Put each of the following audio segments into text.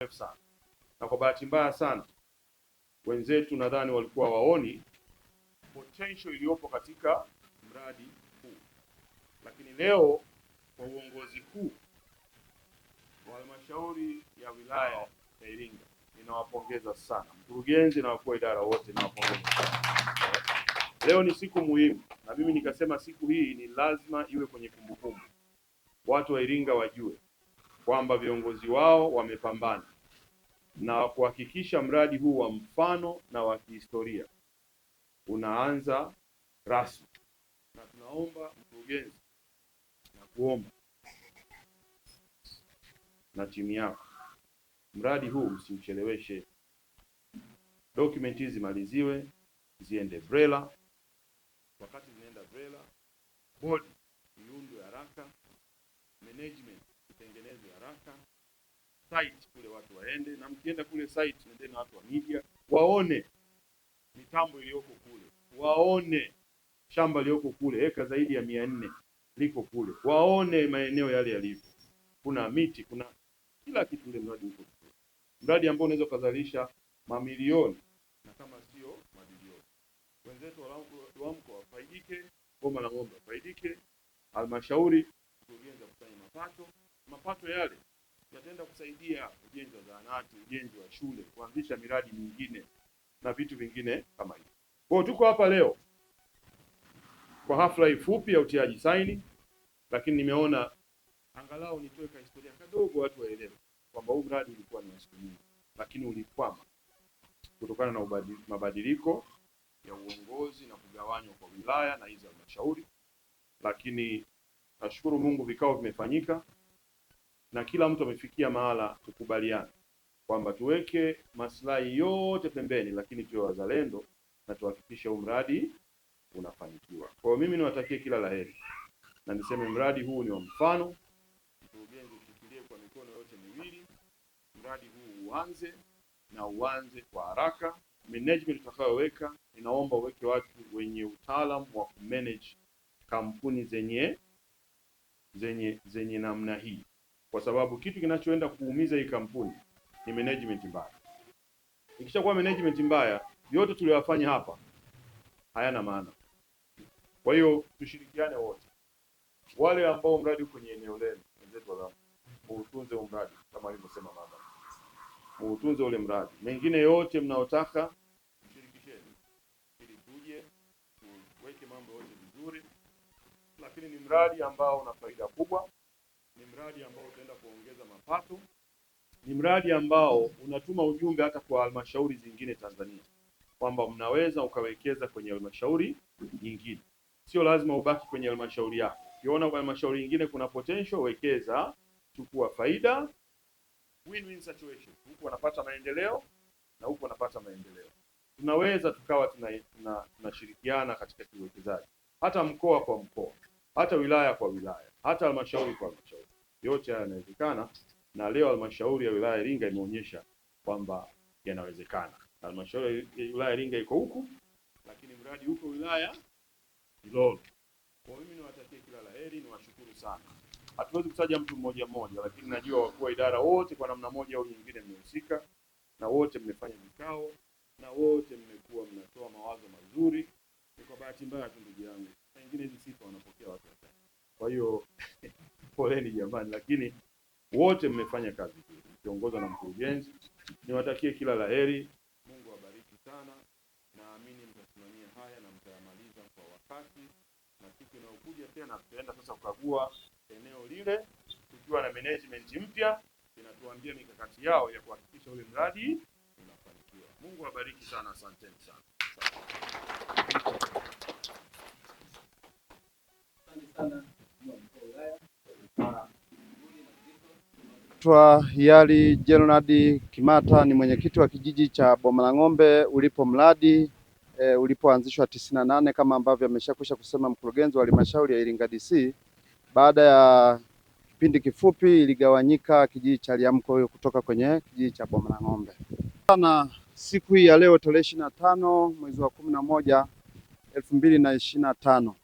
mrefu sana, na kwa bahati mbaya sana wenzetu nadhani walikuwa waoni potential iliyopo katika mradi huu, lakini leo kwa uongozi huu wa halmashauri ya wilaya ya Iringa ninawapongeza sana, mkurugenzi na wakuu wa idara wote ninawapongeza Leo ni siku muhimu, na mimi nikasema siku hii ni lazima iwe kwenye kumbukumbu, watu wa Iringa wajue kwamba viongozi wao wamepambana na kuhakikisha mradi huu wa mfano na wa kihistoria unaanza rasmi, na tunaomba mkurugenzi na kuomba na timu yako, mradi huu msiucheleweshe. Dokumenti hizi zimaliziwe, ziende BRELA. Wakati zinaenda BRELA, bodi iundwe haraka, management tengeneze haraka site kule, watu waende na mkienda kule site, nende na watu wa media waone mitambo iliyoko kule, waone shamba liyoko kule, eka zaidi ya mia nne liko kule, waone maeneo yale yalivyo, kuna miti, kuna kila kitu. ile mradi uko kule, mradi ambao unaweza ukazalisha mamilioni na kama sio mabilioni. Wenzetu wamko wafaidike, Goma na Ng'ombe wafaidike, halmashauri, mkurugenzi akufanya mapato mapato yale yataenda kusaidia ujenzi wa zahanati, ujenzi wa shule, kuanzisha miradi mingine na vitu vingine kama hivyo. Kwa hiyo tuko hapa leo kwa hafla ifupi fupi ya utiaji saini, lakini nimeona angalau nitoe ka historia kadogo, watu waelewe kwamba huu mradi ulikuwa ni siku nyingi, lakini ulikwama kutokana na mabadiliko ya uongozi na kugawanywa kwa wilaya na hizi halmashauri, lakini nashukuru Mungu vikao vimefanyika na kila mtu amefikia mahala tukubaliana kwamba tuweke maslahi yote pembeni, lakini tuwe wazalendo na tuhakikishe huu mradi unafanikiwa. Kwa hiyo mimi niwatakie kila laheri na niseme mradi huu ni wa mfano. Mkurugenzi, ushikilie kwa mikono yote miwili, mradi huu uanze na uanze kwa haraka. Management utakayoweka inaomba uweke watu wenye utaalamu wa kumanage kampuni zenye zenye zenye namna hii kwa sababu kitu kinachoenda kuumiza hii kampuni ni management mbaya. Ikishakuwa management mbaya, yote tuliyofanya hapa hayana maana. Kwa hiyo tushirikiane wote, wale ambao mradi kwenye eneo lenu, wenzetu wa muutunze huu mradi kama alivyosema mama, muutunze ule mradi. Mengine yote mnaotaka mshirikisheni, ili tuje tuweke mambo yote vizuri, lakini ni mradi ambao una faida kubwa watu ni mradi ambao unatuma ujumbe hata kwa halmashauri zingine Tanzania kwamba mnaweza ukawekeza kwenye halmashauri nyingine, sio lazima ubaki kwenye halmashauri yako. Ukiona halmashauri nyingine kuna potential, wekeza, chukua faida, win-win situation. Huku wanapata maendeleo na huku wanapata maendeleo, tunaweza tukawa tunashirikiana tuna, tuna katika kiwekezaji, hata mkoa kwa mkoa, hata wilaya kwa wilaya, hata halmashauri kwa halmashauri, yote haya yanawezekana na leo halmashauri ya wilaya Iringa imeonyesha kwamba yanawezekana. Halmashauri ya wilaya Iringa iko huku, lakini mradi huko wilaya Ilolo. Kwa mimi niwatakie kila la heri, niwashukuru sana. Hatuwezi kutaja mtu mmoja mmoja, lakini najua wakuu wa idara wote kwa namna moja au nyingine mmehusika, na wote mmefanya vikao, na wote mmekuwa mnatoa mawazo mazuri. Ni kwa bahati mbaya tu, ndugu yangu, wengine hizi sifa wanapokea watu wachache. Kwa hiyo poleni jamani, lakini wote mmefanya kazi hii mkiongozwa na mkurugenzi. Niwatakie kila la heri, Mungu awabariki sana. Naamini mtasimamia haya na mtayamaliza kwa wakati, na siku inayokuja tena tutaenda sasa kukagua eneo lile tukiwa na management mpya inatuambia mikakati yao ya kuhakikisha ule mradi unafanikiwa. Mungu awabariki sana, asanteni sana. Asante sana. Naitwa Hiari Gerald Kimata, ni mwenyekiti wa kijiji cha Bomalang'ombe ulipo mradi e, ulipoanzishwa tisini na nane kama ambavyo ameshakwisha kusema mkurugenzi wa halmashauri ya Iringa DC. Baada ya kipindi kifupi iligawanyika kijiji cha Liamko hiyo kutoka kwenye kijiji cha Ng'ombe. Na siku hii ya leo tarehe ishirini na tano mwezi wa kumi na moja elfu mbili na ishirini na tano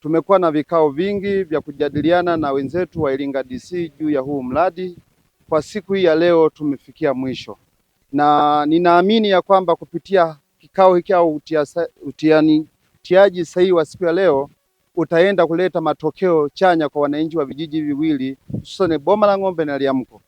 Tumekuwa na vikao vingi vya kujadiliana na wenzetu wa Iringa DC juu ya huu mradi. Kwa siku hii ya leo tumefikia mwisho, na ninaamini ya kwamba kupitia kikao hiki au utiani, utiaji sahihi wa siku ya leo utaenda kuleta matokeo chanya kwa wananchi wa vijiji viwili hususani Boma la Ng'ombe na Liamko.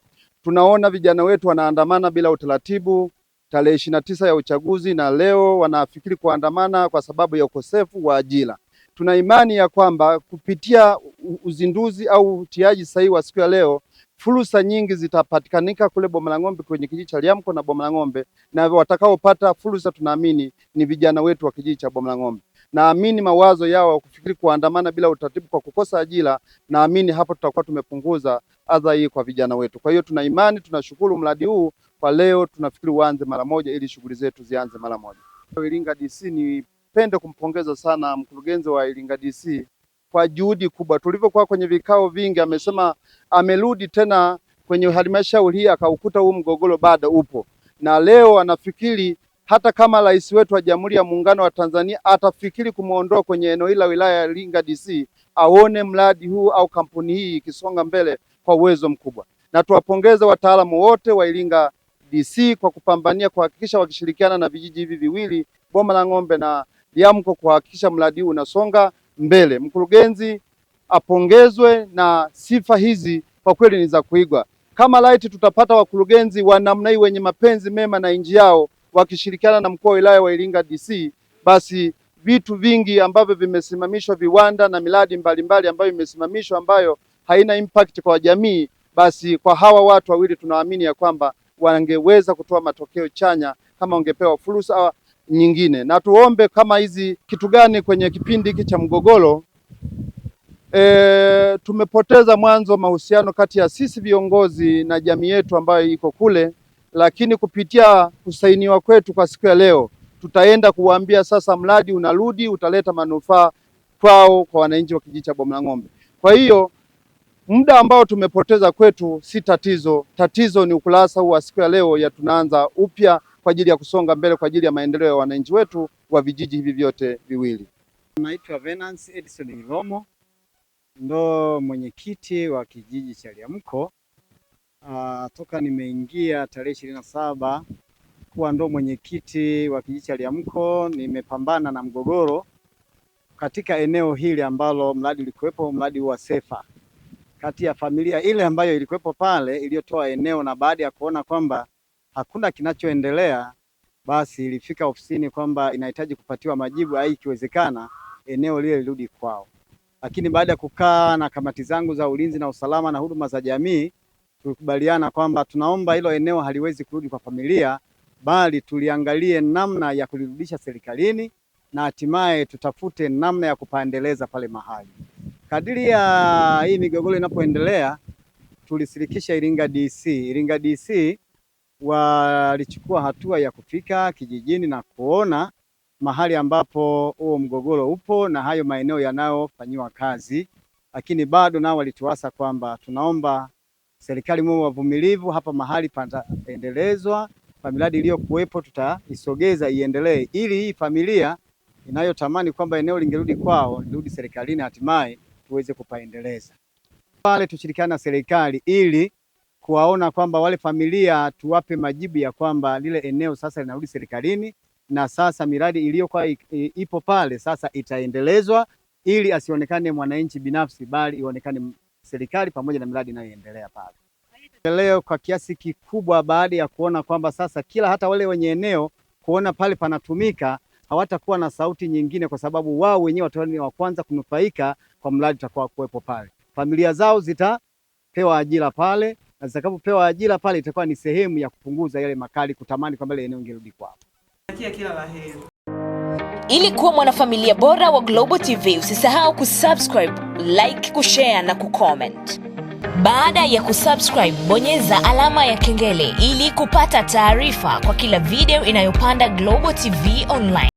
Tunaona vijana wetu wanaandamana bila utaratibu tarehe ishirini na tisa ya uchaguzi, na leo wanafikiri kuandamana kwa, kwa sababu ya ukosefu wa ajira tuna imani ya kwamba kupitia uzinduzi au utiaji sahihi wa siku ya leo fursa nyingi zitapatikanika kule Boma la Ng'ombe kwenye kijiji cha Liamko na Boma la Ng'ombe, na watakaopata fursa tunaamini ni vijana wetu wa kijiji cha Boma la Ng'ombe. Naamini mawazo yao kufikiri kuandamana bila utaratibu kwa kukosa ajira, naamini hapo tutakuwa tumepunguza adha hii kwa vijana wetu. Kwa hiyo tuna imani, tunashukuru mradi huu kwa leo, tunafikiri uanze mara moja ili shughuli zetu zianze mara moja. Iringa DC ni Nipende kumpongeza sana mkurugenzi wa Iringa DC kwa juhudi kubwa. Tulivyokuwa kwenye vikao vingi, amesema amerudi tena kwenye halmashauri hii akaukuta huu mgogoro bado upo, na leo anafikiri hata kama rais wetu wa Jamhuri ya Muungano wa Tanzania atafikiri kumwondoa kwenye eneo hili la wilaya ya Iringa DC, aone mradi huu au kampuni hii ikisonga mbele kwa uwezo mkubwa, na tuwapongeze wataalamu wote wa Iringa DC kwa kupambania kuhakikisha wakishirikiana na vijiji hivi viwili Boma la Ng'ombe na mko kuhakikisha mradi huu unasonga mbele. Mkurugenzi apongezwe na sifa hizi kwa kweli ni za kuigwa. Kama laiti tutapata wakurugenzi wa namna hii wenye mapenzi mema na nchi yao wakishirikiana na mkuu wa wilaya wa Iringa DC, basi vitu vingi ambavyo vimesimamishwa, viwanda na miradi mbalimbali ambayo imesimamishwa ambayo haina impact kwa jamii, basi kwa hawa watu wawili tunaamini ya kwamba wangeweza kutoa matokeo chanya kama wangepewa fursa nyingine, na tuombe kama hizi kitu gani kwenye kipindi hiki cha mgogoro e, tumepoteza mwanzo mahusiano kati ya sisi viongozi na jamii yetu ambayo iko kule, lakini kupitia kusainiwa kwetu kwa siku ya leo tutaenda kuwaambia sasa, mradi unarudi utaleta manufaa kwao, kwa wananchi wa kijiji cha ng'ombe Kwa hiyo muda ambao tumepoteza kwetu si tatizo, tatizo ni ukurasa huu wa siku ya leo ya tunaanza upya kwa ajili ya kusonga mbele kwa ajili ya maendeleo ya wananchi wetu wa vijiji hivi vyote viwili. Naitwa Venance Edison Lilomo, ndo mwenyekiti wa kijiji cha Liamko. Ah, toka nimeingia tarehe ishirini na saba kuwa ndo mwenyekiti wa kijiji cha Liamko, nimepambana na mgogoro katika eneo hili ambalo mradi ulikuwepo, mradi wa Sefa, kati ya familia ile ambayo ilikuwepo pale iliyotoa eneo, na baada ya kuona kwamba hakuna kinachoendelea, basi ilifika ofisini kwamba inahitaji kupatiwa majibu ai, ikiwezekana eneo lile lirudi kwao. Lakini baada ya kukaa na kamati zangu za ulinzi na usalama na huduma za jamii, tulikubaliana kwamba tunaomba hilo eneo haliwezi kurudi kwa familia, bali tuliangalie namna ya kulirudisha serikalini na hatimaye tutafute namna ya kupaendeleza pale mahali. Kadiri ya hii migogoro inapoendelea, tulisirikisha Iringa DC. Iringa DC walichukua hatua ya kufika kijijini na kuona mahali ambapo huo mgogoro upo na hayo maeneo yanayofanyiwa kazi, lakini bado nao walituasa kwamba tunaomba serikali muwe wavumilivu hapa, mahali pataendelezwa kwa miradi iliyokuwepo tutaisogeza iendelee, ili hii familia inayotamani kwamba eneo lingerudi kwao lirudi serikalini, hatimaye tuweze kupaendeleza. Pale tushirikiane na serikali ili kuwaona kwamba wale familia tuwape majibu ya kwamba lile eneo sasa linarudi serikalini na sasa miradi iliyokuwa ipo pale sasa itaendelezwa ili asionekane mwananchi binafsi, bali ionekane serikali pamoja na miradi inayoendelea pale. Leo kwa kiasi kikubwa, baada ya kuona kwamba sasa kila hata wale wenye eneo kuona pale panatumika, hawatakuwa na sauti nyingine, kwa sababu wao wenyewe watakuwa ni wa kwanza kunufaika kwa mradi utakuwa kuwepo pale. Familia zao zitapewa ajira pale na zitakapopewa ajira pale itakuwa ni sehemu ya kupunguza yale makali kutamani kwamba ile eneo ingerudi kwao. Kila la heri. Ili kuwa mwanafamilia bora wa Global TV, usisahau kusubscribe, like, kushare na kucomment. Baada ya kusubscribe, bonyeza alama ya kengele ili kupata taarifa kwa kila video inayopanda Global TV Online.